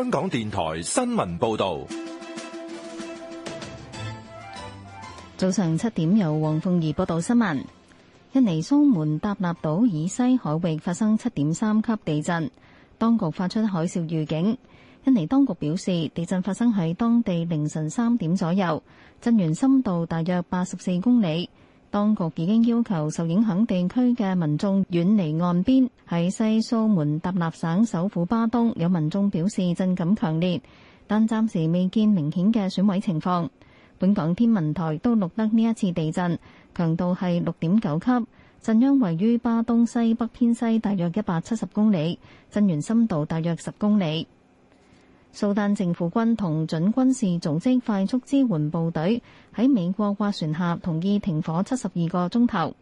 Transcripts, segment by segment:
香港電台新聞報道，早上七點由黃鳳儀報道新聞。印尼蘇門答臘島以西海域發生七點三級地震，當局發出海嘯預警。印尼當局表示，地震發生喺當地凌晨三點左右，震源深度大約八十四公里。當局已經要求受影響地區嘅民眾遠離岸邊。喺西蘇門答臘省首府巴東，有民眾表示震感強烈，但暫時未見明顯嘅損毀情況。本港天文台都錄得呢一次地震，強度係六點九級，震央位於巴東西北偏西大約一百七十公里，震源深度大約十公里。蘇丹政府軍同準軍事組織快速支援部隊喺美國斡旋下同意停火七十二個鐘頭。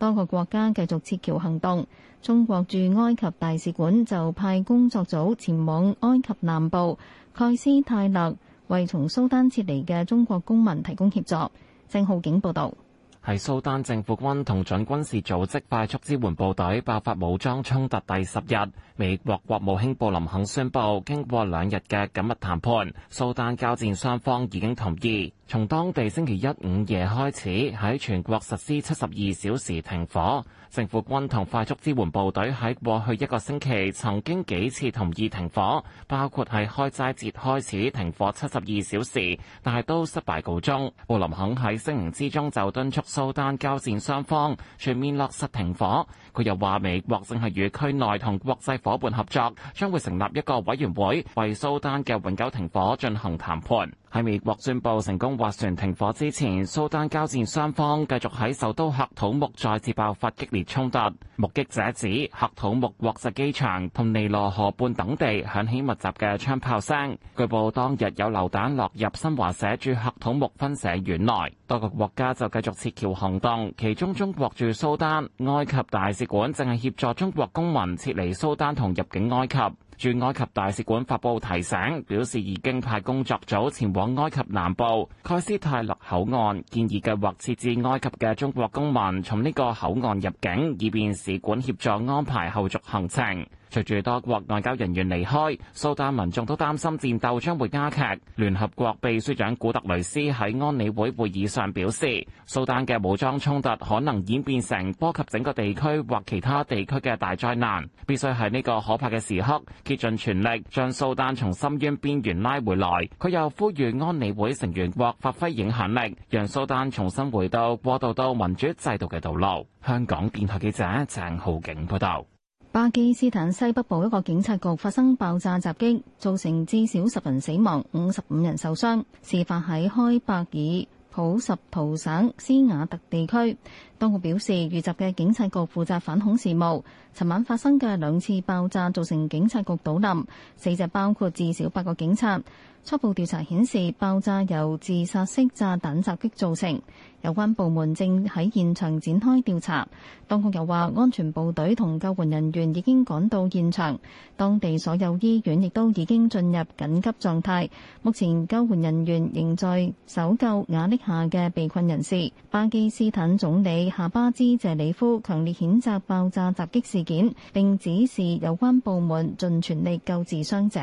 多個國家繼續撤僑行動。中國駐埃及大使館就派工作組前往埃及南部蓋斯泰勒為從蘇丹撤離嘅中國公民提供協助。鄭浩景報道。喺蘇丹政府軍同準軍事組織快速支援部隊爆發武裝衝突第十日，美國國務卿布林肯宣布，經過兩日嘅緊密談判，蘇丹交戰雙方已經同意，從當地星期一午夜開始喺全國實施七十二小時停火。政府軍同快速支援部隊喺過去一個星期曾經幾次同意停火，包括係開齋節開始停火七十二小時，但係都失敗告終。布林肯喺聲明之中就敦促。蘇丹交戰雙方全面落實停火。佢又話：美國正係與區內同國際伙伴合作，將會成立一個委員會，為蘇丹嘅永久停火進行談判。喺美國宣布成功斡旋停火之前，蘇丹交戰雙方繼續喺首都喀土木再次爆發激烈衝突。目擊者指，喀土木國際機場同尼羅河畔等地響起密集嘅槍炮聲。據報當日有榴彈落入新華社駐喀土木分社院內。多個國家就繼續撤僑行動，其中中國駐蘇丹埃及大使館正係協助中國公民撤離蘇丹同入境埃及。駐埃及大使館發布提醒，表示已經派工作組前往埃及南部蓋斯泰勒口岸，建議計劃撤至埃及嘅中國公民從呢個口岸入境，以便使館協助安排後續行程。隨住多國外交人員離開，蘇丹民眾都擔心戰鬥將會加劇。聯合國秘書長古特雷斯喺安理會會議上表示，蘇丹嘅武裝衝突可能演變成波及整個地區或其他地區嘅大災難，必須喺呢個可怕嘅時刻竭盡全力將蘇丹從深淵邊緣拉回來。佢又呼籲安理會成員國發揮影響力，讓蘇丹重新回到過渡到民主制度嘅道路。香港電台記者鄭浩景報道。巴基斯坦西北部一個警察局發生爆炸襲擊，造成至少十人死亡、五十五人受傷。事發喺開伯爾普什圖省斯瓦特地區。當局表示，遇襲嘅警察局負責反恐事務。尋晚發生嘅兩次爆炸，造成警察局倒冧，死者包括至少八個警察。初步調查顯示，爆炸由自殺式炸彈襲擊造成。有關部門正喺現場展開調查。當局又話，安全部隊同救援人員已經趕到現場，當地所有醫院亦都已經進入緊急狀態。目前救援人員仍在搜救瓦礫下嘅被困人士。巴基斯坦總理夏巴茲謝里夫強烈譴責爆炸襲擊事件，並指示有關部門盡全力救治傷者。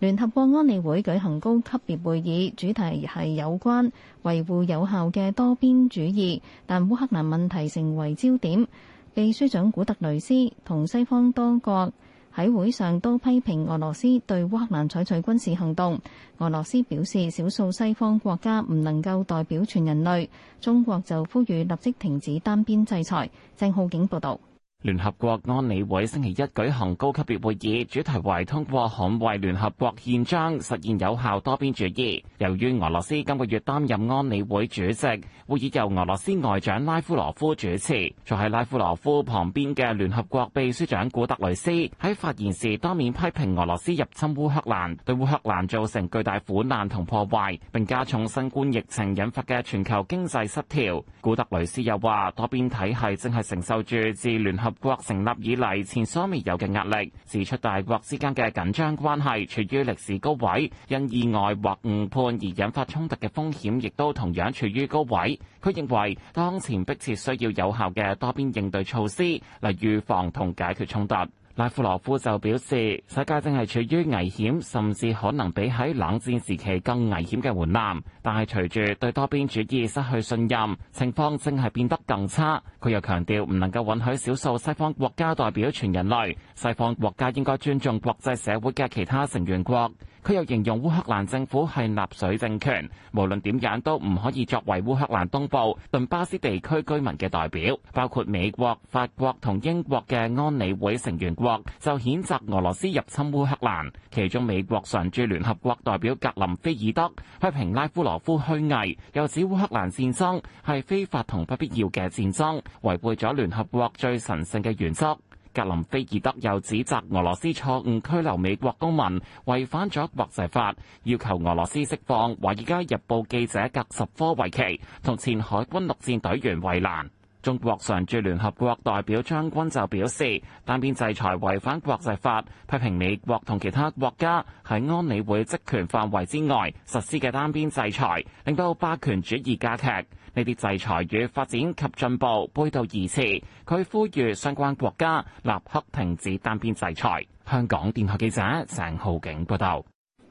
聯合國安理會舉行高級別會議，主題係有關維護有效嘅多邊主義，但烏克蘭問題成為焦點。秘書長古特雷斯同西方多國喺會上都批評俄羅斯對烏克蘭採取軍事行動。俄羅斯表示少數西方國家唔能夠代表全人類。中國就呼籲立即停止單邊制裁。鄭浩景報道。聯合國安理會星期一舉行高級別會議，主題為通過捍衛聯合國憲章，實現有效多邊主義，由於俄羅斯今個月擔任安理會主席，會議由俄羅斯外長拉夫羅夫主持。坐喺拉夫羅夫旁邊嘅聯合國秘書長古特雷斯喺發言時當面批評俄羅斯入侵烏克蘭對烏克蘭造成巨大苦難同破壞，並加重新冠疫情引發嘅全球經濟失調，古特雷斯又話多邊體系正係承受住自聯合國成立以嚟，前所未有嘅壓力，指出大國之間嘅緊張關係處於歷史高位，因意外或誤判而引發衝突嘅風險亦都同樣處於高位。佢認為當前迫切需要有效嘅多邊應對措施嚟預防同解決衝突。拉夫羅夫就表示，世界正係處於危險，甚至可能比喺冷戰時期更危險嘅懸壇。但係隨住對多邊主義失去信任，情況正係變得更差。佢又強調，唔能夠允許少數西方國家代表全人類，西方國家應該尊重國際社會嘅其他成員國。佢又形容烏克蘭政府係納粹政權，無論點樣都唔可以作為烏克蘭東部頓巴斯地區居民嘅代表。包括美國、法國同英國嘅安理會成員國就譴責俄羅斯入侵烏克蘭，其中美國常駐聯合國代表格林菲爾德批評拉夫羅夫虛偽，又指烏克蘭戰爭係非法同不必要嘅戰爭，違背咗聯合國最神聖嘅原則。格林菲爾德又指責俄羅斯錯誤拘留美國公民，違反咗國際法，要求俄羅斯釋放《華爾街日報》記者格什科維奇同前海軍陸戰隊員惠蘭。中國常駐聯合國代表張軍就表示，單邊制裁違反國際法，批評美國同其他國家喺安理會職權範圍之外實施嘅單邊制裁，令到霸權主義加劇。呢啲制裁與發展及進步背道而馳，佢呼籲相關國家立刻停止單邊制裁。香港電台記者鄭浩景報道。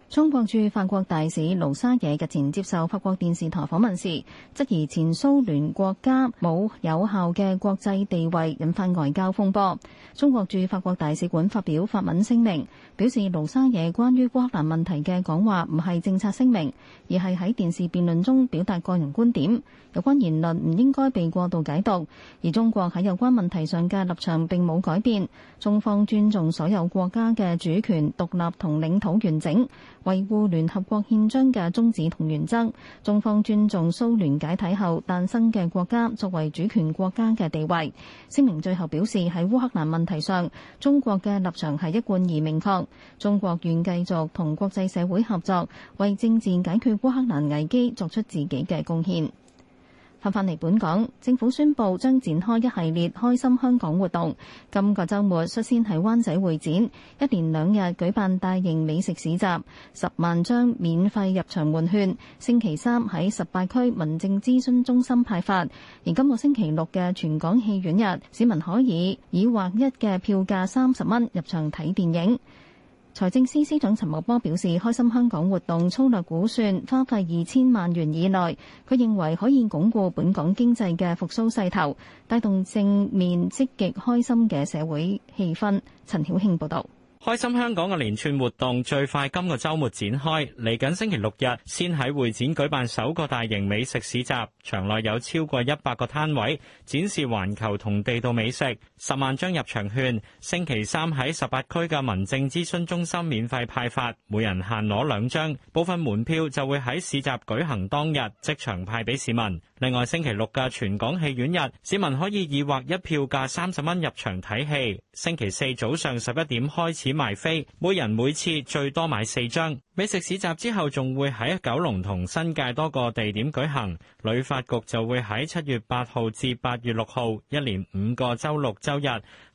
中國駐法國大使盧沙野日前接受法國電視台訪問時，質疑前蘇聯國家冇有，有效嘅國際地位，引發外交風波。中國駐法國大使館發表法文聲明，表示盧沙野關於烏克蘭問題嘅講話唔係政策聲明，而係喺電視辯論中表達個人觀點。有關言論唔應該被過度解讀，而中國喺有關問題上嘅立場並冇改變。中方尊重所有國家嘅主權、獨立同領土完整。維護聯合國憲章嘅宗旨同原則，中方尊重蘇聯解體後誕生嘅國家作為主權國家嘅地位。聲明最後表示，喺烏克蘭問題上，中國嘅立場係一貫而明確。中國願繼續同國際社會合作，為政治解決烏克蘭危機作出自己嘅貢獻。返返嚟本港，政府宣布將展開一系列開心香港活動。今個周末率先喺灣仔會展一連兩日舉辦大型美食市集，十萬張免費入場換券，星期三喺十八區民政諮詢中心派發。而今個星期六嘅全港戲院日，市民可以以劃一嘅票價三十蚊入場睇電影。財政司司長陳茂波表示，開心香港活動粗略估算花費二千萬元以內，佢認為可以鞏固本港經濟嘅復甦勢頭，帶動正面積極開心嘅社會氣氛。陳曉慶報道。開心香港嘅連串活動最快今個周末展開，嚟緊星期六日先喺會展舉辦首個大型美食市集，場內有超過一百個攤位展示環球同地道美食，十萬張入場券星期三喺十八區嘅民政諮詢中心免費派發，每人限攞兩張，部分門票就會喺市集舉行當日即場派俾市民。另外星期六嘅全港戲院日，市民可以以劃一票價三十蚊入場睇戲。星期四早上十一點開始。點買飛，每人每次最多買四張。美食市集之後仲會喺九龍同新界多個地點舉行，旅發局就會喺七月八號至八月六號，一連五個周六周日。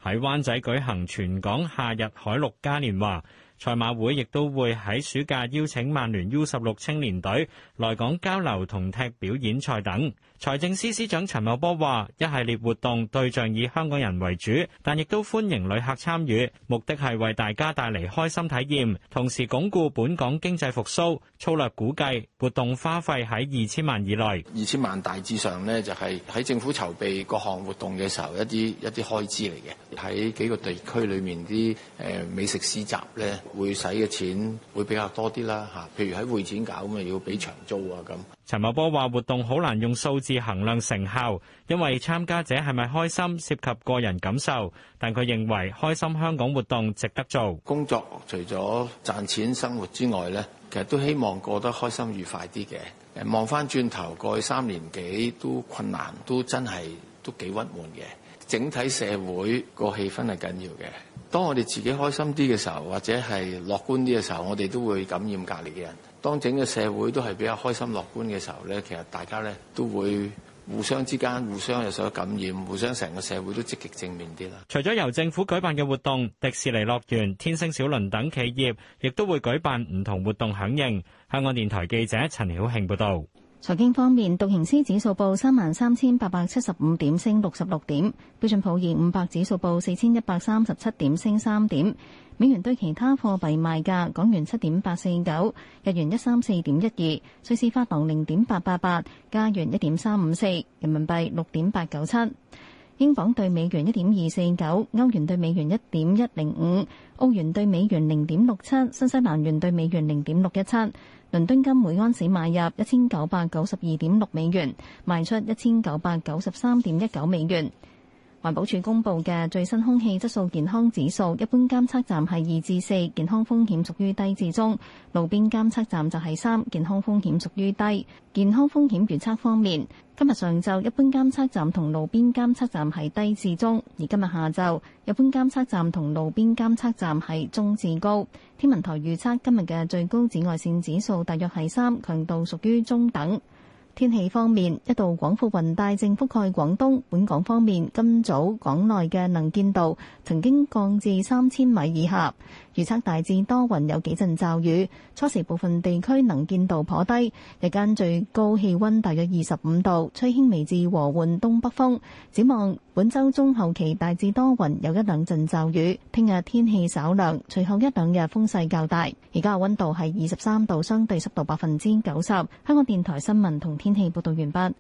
喺灣仔舉行全港夏日海陸嘉年華，賽馬會亦都會喺暑假邀請曼聯 U 十六青年隊來港交流同踢表演賽等。財政司司長陳茂波話，一系列活動對象以香港人為主，但亦都歡迎旅客參與，目的係為大家帶嚟開心體驗，同時鞏固本港經濟復甦。粗略估計活動花費喺二千萬以內。二千萬大致上呢就係喺政府籌備各項活動嘅時候一啲一啲開支嚟嘅。喺幾個地區裏面啲誒美食市集咧，會使嘅錢會比較多啲啦嚇。譬如喺會展搞咁啊，要俾場租啊咁。陳茂波話：活動好難用數字衡量成效，因為參加者係咪開心涉及個人感受。但佢認為開心香港活動值得做。工作除咗賺錢生活之外咧，其實都希望過得開心愉快啲嘅。誒望返轉頭過去三年幾都困難，都真係都幾鬱悶嘅。整體社會個氣氛係緊要嘅。當我哋自己開心啲嘅時候，或者係樂觀啲嘅時候，我哋都會感染隔籬嘅人。當整個社會都係比較開心樂觀嘅時候咧，其實大家咧都會互相之間、互相有所感染，互相成個社會都積極正面啲啦。除咗由政府舉辦嘅活動，迪士尼樂園、天星小輪等企業亦都會舉辦唔同活動響應。香港電台記者陳曉慶報道。財經方面，道瓊斯指數報三萬三千八百七十五點，升六十六點；標準普爾五百指數報四千一百三十七點，升三點。美元對其他貨幣賣價，港元七點八四九，日元一三四點一二，瑞士法郎零點八八八，加元一點三五四，人民幣六點八九七。英鎊兌美元一點二四九，歐元兌美元一點一零五，澳元兌美元零點六七，新西蘭元兌美元零點六一七。倫敦金每安士買入一千九百九十二點六美元，賣出一千九百九十三點一九美元。環保署公布嘅最新空氣質素健康指數，一般監測站係二至四，健康風險屬於低至中；路邊監測站就係三，健康風險屬於低。健康風險預測方面。今日上晝一般監測站同路邊監測站係低至中，而今日下晝一般監測站同路邊監測站係中至高。天文台預測今日嘅最高紫外線指數大約係三，強度屬於中等。天氣方面，一道廣闊雲帶正覆蓋廣東。本港方面，今早港內嘅能見度曾經降至三千米以下。預測大致多雲，有幾陣驟雨。初時部分地區能見度頗低。日間最高氣溫大約二十五度，吹輕微至和緩東北風。展望本周中後期大致多雲，有一兩陣驟雨。聽日天氣稍涼，隨後一兩日風勢較大。而家嘅溫度係二十三度，相對濕度百分之九十。香港電台新聞同。天氣報道完畢。